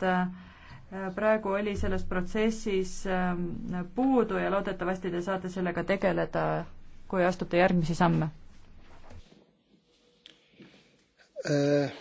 sest äh, praegu oli selles protsessis ähm, puudu ja loodetavasti te saate sellega tegeleda, kui astute järgmisi samme äh,.